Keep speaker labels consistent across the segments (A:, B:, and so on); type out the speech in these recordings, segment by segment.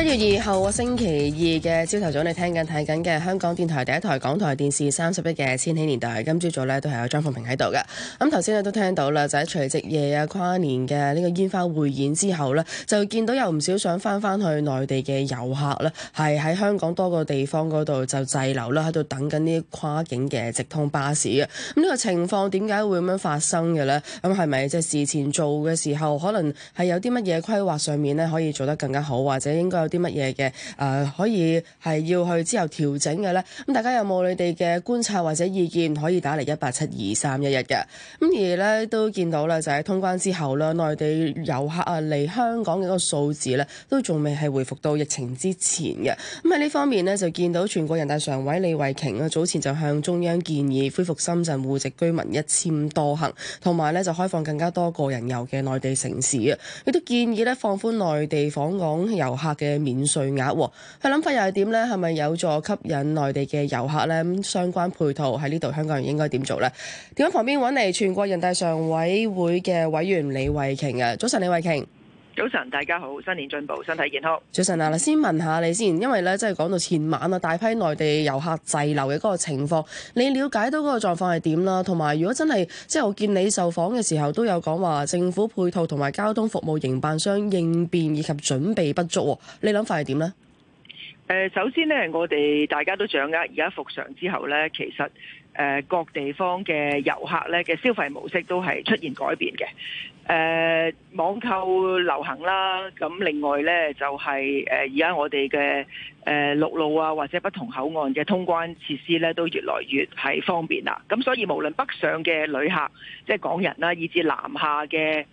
A: 一月二號啊，我星期二嘅朝頭早，你聽緊睇緊嘅香港電台第一台港台電視三十一嘅《千禧年代》今呢。今朝早咧都係有張鳳萍喺度嘅。咁頭先咧都聽到啦，就喺除夕夜啊跨年嘅呢個煙花匯演之後咧，就見到有唔少想翻翻去內地嘅遊客呢，係喺香港多個地方嗰度就滯留啦，喺度等緊呢跨境嘅直通巴士啊。咁、嗯、呢、呢個情況點解會咁樣發生嘅咧？咁係咪即係事前做嘅時候，可能係有啲乜嘢規劃上面咧，可以做得更加好，或者應該？啲乜嘢嘅誒可以係要去之後調整嘅咧？咁大家有冇你哋嘅觀察或者意見，可以打嚟一八七二三一一嘅。咁而咧都見到咧，就喺通關之後啦，內地遊客啊嚟香港嘅一個數字咧，都仲未係回復到疫情之前嘅。咁喺呢方面咧，就見到全國人大常委李慧瓊啊，早前就向中央建議恢復深圳戶籍居民一簽多行，同埋咧就開放更加多個人遊嘅內地城市啊。亦都建議咧放寬內地訪港遊客嘅。免稅額，佢諗法又係點呢？係咪有助吸引內地嘅遊客呢？咁相關配套喺呢度，香港人應該點做呢？點解旁邊揾嚟全國人大常委會嘅委員李慧瓊啊？早晨，李慧瓊。.
B: 早晨，大
A: 家好，新年進步，身體健康。早晨啊，嗱，先問下你先，因為咧，即係講到前晚啊，大批內地遊客滯留嘅嗰個情況，你了解到嗰個狀況係點啦？同埋，如果真係即係我見你受訪嘅時候都有講話，政府配套同埋交通服務營辦商應變以及準備不足，你諗法係點呢？
B: 呃、首先呢，我哋大家都掌握而家復常之後呢，其實、呃、各地方嘅遊客呢嘅消費模式都係出現改變嘅、呃。網購流行啦，咁另外呢，就係誒而家我哋嘅誒陸路啊，或者不同口岸嘅通關設施呢都越來越係方便啦。咁所以無論北上嘅旅客，即、就、係、是、港人啦、啊，以至南下嘅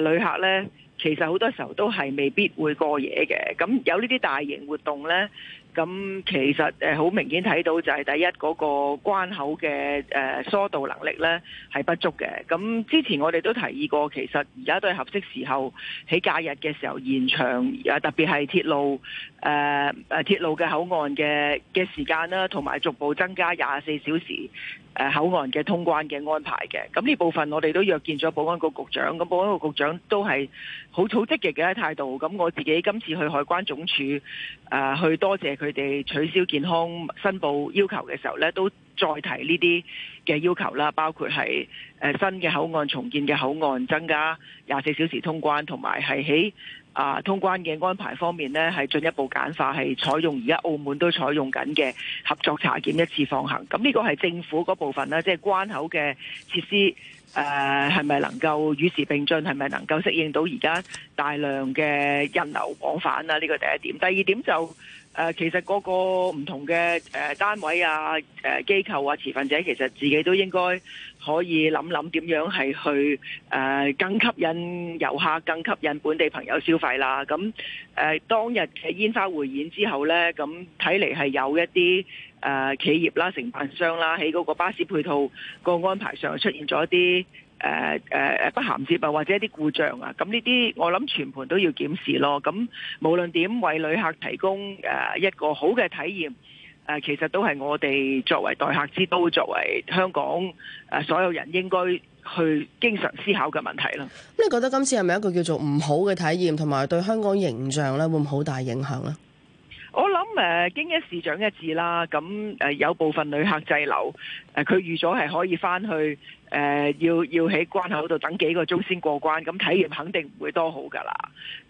B: 旅客呢。呃呃呃其實好多時候都係未必會過夜嘅，咁有呢啲大型活動呢，咁其實誒好明顯睇到就係第一嗰個關口嘅誒疏導能力咧係不足嘅。咁之前我哋都提議過，其實而家都係合適時候喺假日嘅時候延長，特別係鐵路誒誒鐵路嘅口岸嘅嘅時間啦，同埋逐步增加廿四小時誒、呃、口岸嘅通關嘅安排嘅。咁呢部分我哋都約見咗保安局局長，咁保安局局長都係好好積極嘅態度。咁我自己今次去海關總署誒、呃、去多謝。佢哋取消健康申報要求嘅時候咧，都再提呢啲嘅要求啦，包括係誒、呃、新嘅口岸重建嘅口岸增加廿四小時通關，同埋係喺啊通關嘅安排方面咧，係進一步簡化，係採用而家澳門都採用緊嘅合作查檢一次放行。咁呢個係政府嗰部分咧，即、就、係、是、關口嘅設施誒、係、呃、咪能夠與時並進，係咪能夠適應到而家大量嘅人流往返啊？呢、這個第一點，第二點就，誒、呃、其實個個唔同嘅誒、呃、單位啊、誒、呃、機構啊、持份者其實自己都應該可以諗諗點樣係去誒、呃、更吸引遊客、更吸引本地朋友消費啦。咁誒、呃、當日嘅煙花匯演之後呢，咁睇嚟係有一啲誒、呃、企業啦、啊、承辦商啦、啊，喺嗰個巴士配套個安排上出現咗一啲誒誒、uh, uh, uh, 不銜接啊，或者一啲故障啊，咁呢啲我諗全盤都要檢視咯。咁無論點為旅客提供誒、uh, 一個好嘅體驗，誒、uh, 其實都係我哋作為待客之都，作為香港誒、uh, 所有人應該去經常思考嘅問題啦。
A: 你覺得今次係咪一個叫做唔好嘅體驗，同埋對香港形象咧會唔會好大影響呢？
B: 我諗誒，經一事，長一智啦。咁誒，有部分旅客滯留，誒，佢預咗係可以翻去，誒，要要喺關口度等幾個鐘先過關，咁體驗肯定唔會多好㗎啦。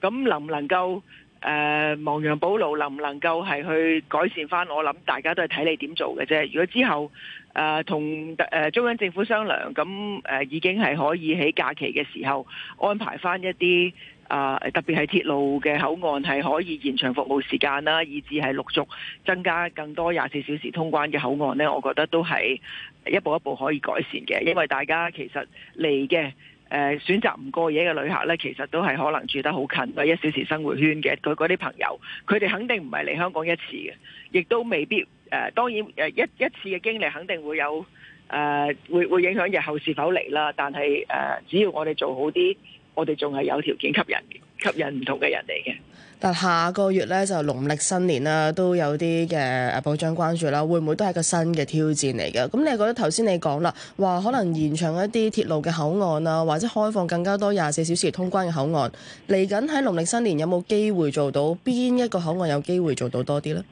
B: 咁能唔能夠？誒，亡羊補牢能唔能夠係去改善翻？我諗大家都係睇你點做嘅啫。如果之後誒同誒中央政府商量，咁誒、呃、已經係可以喺假期嘅時候安排翻一啲啊、呃，特別係鐵路嘅口岸係可以延長服務時間啦，以至係陸續增加更多廿四小時通關嘅口岸呢。我覺得都係一步一步可以改善嘅，因為大家其實嚟嘅。誒選擇唔過夜嘅旅客咧，其實都係可能住得好近，一小時生活圈嘅佢嗰啲朋友，佢哋肯定唔係嚟香港一次嘅，亦都未必誒、呃。當然一一次嘅經歷肯定會有誒、呃，會會影響日後是否嚟啦。但係誒、呃，只要我哋做好啲，我哋仲係有條件吸引嘅。吸
A: 引唔同嘅人嚟嘅，但下個月咧就農曆新年啦，都有啲嘅保障關注啦，會唔會都係一個新嘅挑戰嚟嘅？咁你覺得頭先你講啦，話可能延長一啲鐵路嘅口岸啊，或者開放更加多廿四小時通關嘅口岸，嚟緊喺農曆新年有冇機會做到？邊一個口岸有機會做到多啲咧？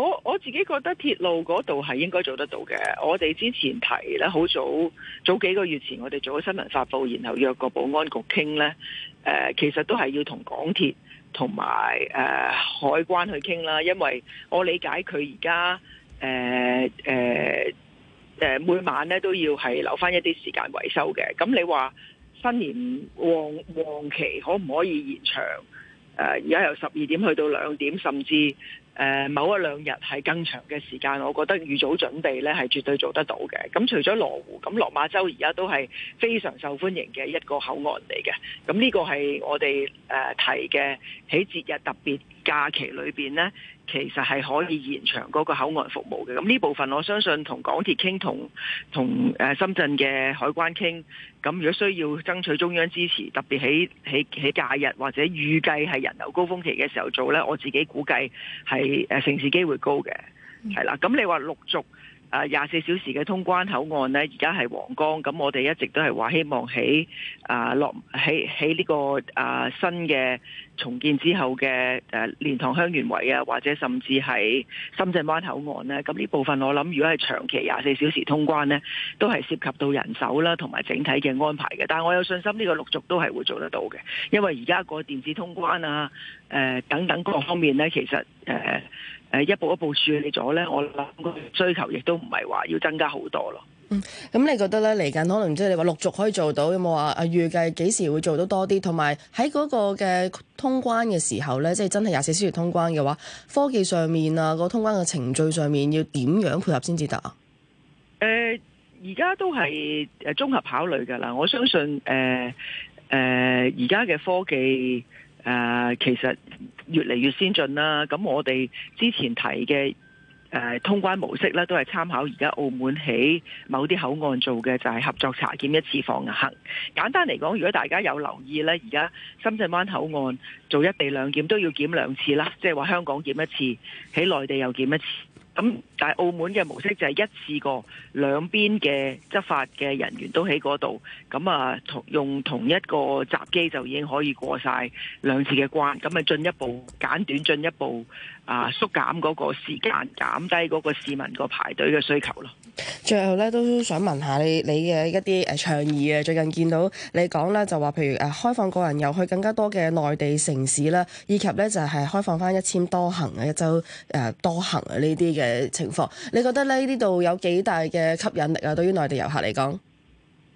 B: 我我自己覺得鐵路嗰度係應該做得到嘅。我哋之前提咧，好早早幾個月前，我哋做咗新聞發布，然後約個保安局傾咧。呃，其實都係要同港鐵同埋呃海關去傾啦，因為我理解佢而家呃呃呃每晚咧都要係留翻一啲時間維修嘅。咁你話新年旺旺期可唔可以延長？呃，而家由十二點去到兩點，甚至，某一兩日係更長嘅時間，我覺得預早準備呢係絕對做得到嘅。咁除咗羅湖，咁落馬洲而家都係非常受歡迎嘅一個口岸嚟嘅。咁呢個係我哋誒提嘅喺節日特別假期裏邊呢，其實係可以延長嗰個口岸服務嘅。咁呢部分，我相信同港鐵傾，同同深圳嘅海關傾。咁如果需要爭取中央支持，特別喺喺假日或者預計係人流高峰期嘅時候做呢，我自己估計係成事機會高嘅，係喇，咁你話陸續誒廿四小時嘅通關口岸呢，而家係皇崗，咁我哋一直都係話希望喺啊落喺喺呢個啊新嘅。重建之後嘅誒蓮塘香園圍啊，或者甚至係深圳灣口岸呢。咁呢部分我諗，如果係長期廿四小時通關呢，都係涉及到人手啦，同埋整體嘅安排嘅。但係我有信心呢個陸續都係會做得到嘅，因為而家個電子通關啊、呃，等等各方面呢，其實、呃呃、一步一步處理咗呢。我諗個需求亦都唔係話要增加好多咯。
A: 嗯，咁你覺得咧嚟緊可能即係你話陸續可以做到，有冇話啊預計幾時會做到多啲？同埋喺嗰個嘅通關嘅時候咧，即係真係廿四小時通關嘅話，科技上面啊，個通關嘅程序上面要點樣配合先至得啊？
B: 誒、呃，而家都係誒綜合考慮噶啦。我相信誒誒，而家嘅科技誒、呃、其實越嚟越先進啦。咁我哋之前提嘅。誒通關模式咧，都係參考而家澳門喺某啲口岸做嘅，就係合作查檢，一次放行。簡單嚟講，如果大家有留意呢，而家深圳灣口岸做一地兩檢都要檢兩次啦，即係話香港檢一次，喺內地又檢一次。咁但係澳門嘅模式就係一次過，兩邊嘅執法嘅人員都喺嗰度，咁啊同用同一個閘機就已經可以過晒兩次嘅關，咁啊進一步簡短，進一步啊縮減嗰個時間，減低嗰個市民個排隊嘅需求咯。
A: 最後咧都想問一下你你嘅一啲誒倡議啊，最近見到你講咧就話，譬如誒開放個人遊去更加多嘅內地城市啦，以及咧就係、是、開放翻一簽多行嘅一周誒、呃、多行啊呢啲嘅情況，你覺得咧呢度有幾大嘅吸引力啊？對於內地遊客嚟講，
B: 誒、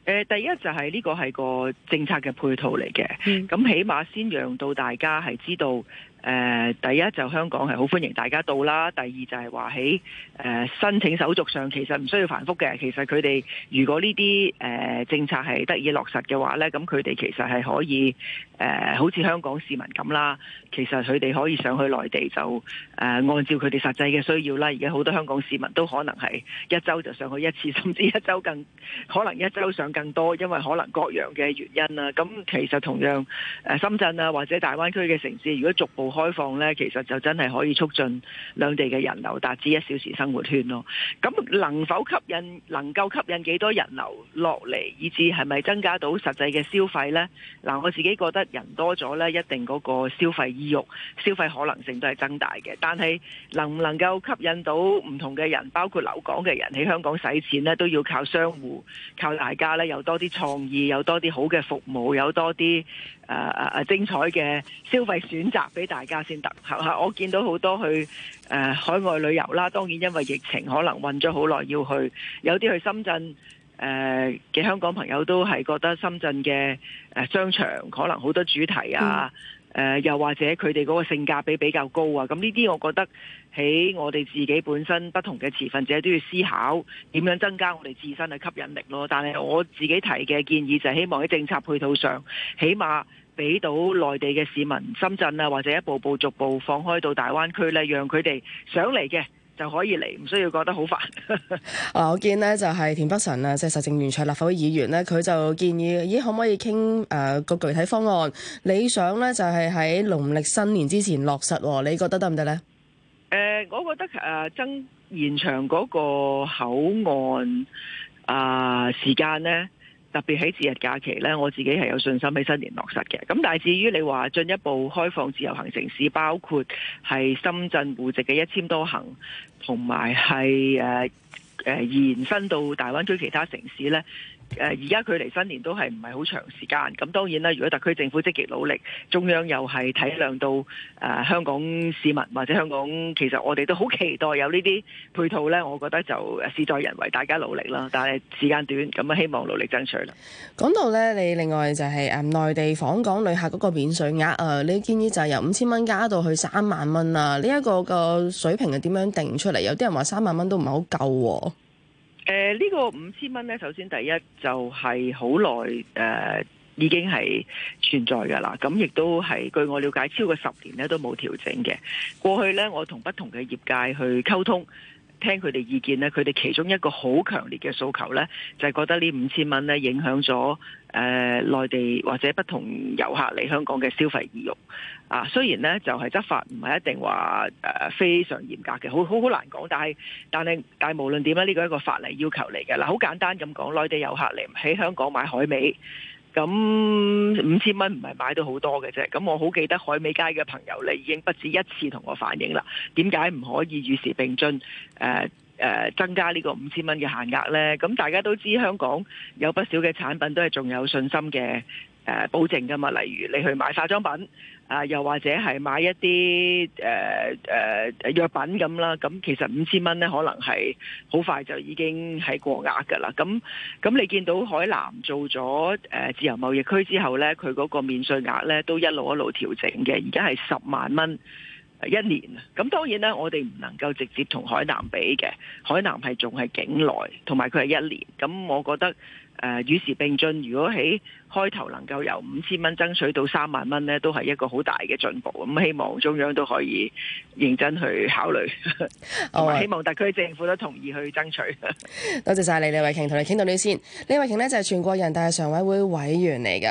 B: 呃、第一就係呢個係個政策嘅配套嚟嘅，咁、嗯、起碼先讓到大家係知道。誒、呃、第一就香港係好歡迎大家到啦，第二就係話喺誒申請手續上其實唔需要繁複嘅。其實佢哋如果呢啲誒政策係得以落實嘅話咧，咁佢哋其實係可以誒、呃、好似香港市民咁啦。其實佢哋可以上去內地就誒、呃、按照佢哋實際嘅需要啦。而家好多香港市民都可能係一周就上去一次，甚至一周更可能一周上更多，因為可能各樣嘅原因啦、啊。咁其實同樣、呃、深圳啊或者大灣區嘅城市，如果逐步開放呢，其實就真係可以促進兩地嘅人流，達至一小時生活圈咯。咁能否吸引能夠吸引幾多人流落嚟，以至係咪增加到實際嘅消費呢？嗱，我自己覺得人多咗呢，一定嗰個消費意欲、消費可能性都係增大嘅。但係能唔能夠吸引到唔同嘅人，包括留港嘅人喺香港使錢呢，都要靠商戶，靠大家呢，有多啲創意，有多啲好嘅服務，有多啲、呃、精彩嘅消費選擇俾大家。家先得吓，吓我見到好多去、呃、海外旅遊啦。當然因為疫情，可能混咗好耐要去。有啲去深圳誒，嘅、呃、香港朋友都係覺得深圳嘅商場可能好多主題啊。呃、又或者佢哋嗰個性價比比較高啊。咁呢啲我覺得喺我哋自己本身不同嘅持份者都要思考點樣增加我哋自身嘅吸引力咯。但係我自己提嘅建議就係希望喺政策配套上，起碼。俾到內地嘅市民，深圳啊，或者一步步逐步放開到大灣區咧，讓佢哋想嚟嘅就可以嚟，唔需要覺得好煩。嗱
A: 啊，我見呢就係、是、田北辰啊，即、就、係、是、實政圓桌立法會議員呢，佢就建議，咦，可唔可以傾誒、呃、個具體方案？理想呢就係喺農曆新年之前落實，你覺得得唔得呢？誒、
B: 呃，我覺得誒增延長嗰個口岸啊、呃、時間呢。特別喺節日假期呢，我自己係有信心喺新年落實嘅。咁但係至於你話進一步開放自由行城市，包括係深圳戶籍嘅一簽多行，同埋係誒延伸到大灣區其他城市呢。誒而家距離新年都係唔係好長時間，咁當然啦。如果特區政府積極努力，中央又係體諒到誒、呃、香港市民或者香港，其實我哋都好期待有呢啲配套呢。我覺得就事在人為，大家努力啦。但係時間短，咁啊希望努力爭取啦。
A: 講到呢，你另外就係、是、誒內地訪港旅客嗰個免稅額啊，你建議就由五千蚊加到去三萬蚊啊？呢、這、一個個水平係點樣定出嚟？有啲人話三萬蚊都唔係好夠喎、啊。
B: 誒呢個五千蚊咧，首先第一就係好耐誒已經係存在㗎啦，咁亦都係據我了解超過十年咧都冇調整嘅。過去咧，我同不同嘅業界去溝通。聽佢哋意見呢，佢哋其中一個好強烈嘅訴求呢，就係、是、覺得呢五千蚊呢影響咗誒內地或者不同遊客嚟香港嘅消費意欲啊。雖然呢就係、是、執法唔係一定話誒、呃、非常嚴格嘅，好好好難講。但係但係但係無論點樣呢，呢、這個係一個法例要求嚟嘅啦。好、啊、簡單咁講，內地遊客嚟喺香港買海味。咁五千蚊唔係買到好多嘅啫，咁我好記得海味街嘅朋友嚟已經不止一次同我反映啦，點解唔可以與時並進？誒、呃呃、增加呢個五千蚊嘅限額呢？咁大家都知香港有不少嘅產品都係仲有信心嘅。誒保證㗎嘛，例如你去買化妝品，啊又或者係買一啲誒誒藥品咁啦，咁其實五千蚊咧，可能係好快就已經係過額㗎啦。咁咁你見到海南做咗誒、呃、自由貿易區之後咧，佢嗰個免稅額咧都一路一路調整嘅，而家係十萬蚊。一年，咁當然咧，我哋唔能夠直接同海南比嘅，海南係仲係境內，同埋佢係一年。咁我覺得誒、呃，與時並進，如果喺開頭能夠由五千蚊爭取到三萬蚊呢，都係一個好大嘅進步。咁希望中央都可以認真去考慮，Okay. 希望特區政府都同意去爭取。
A: 多謝晒李，李慧瓊，同你傾到呢先，李慧瓊呢，就係、係、全國人大常委會委員嚟嘅。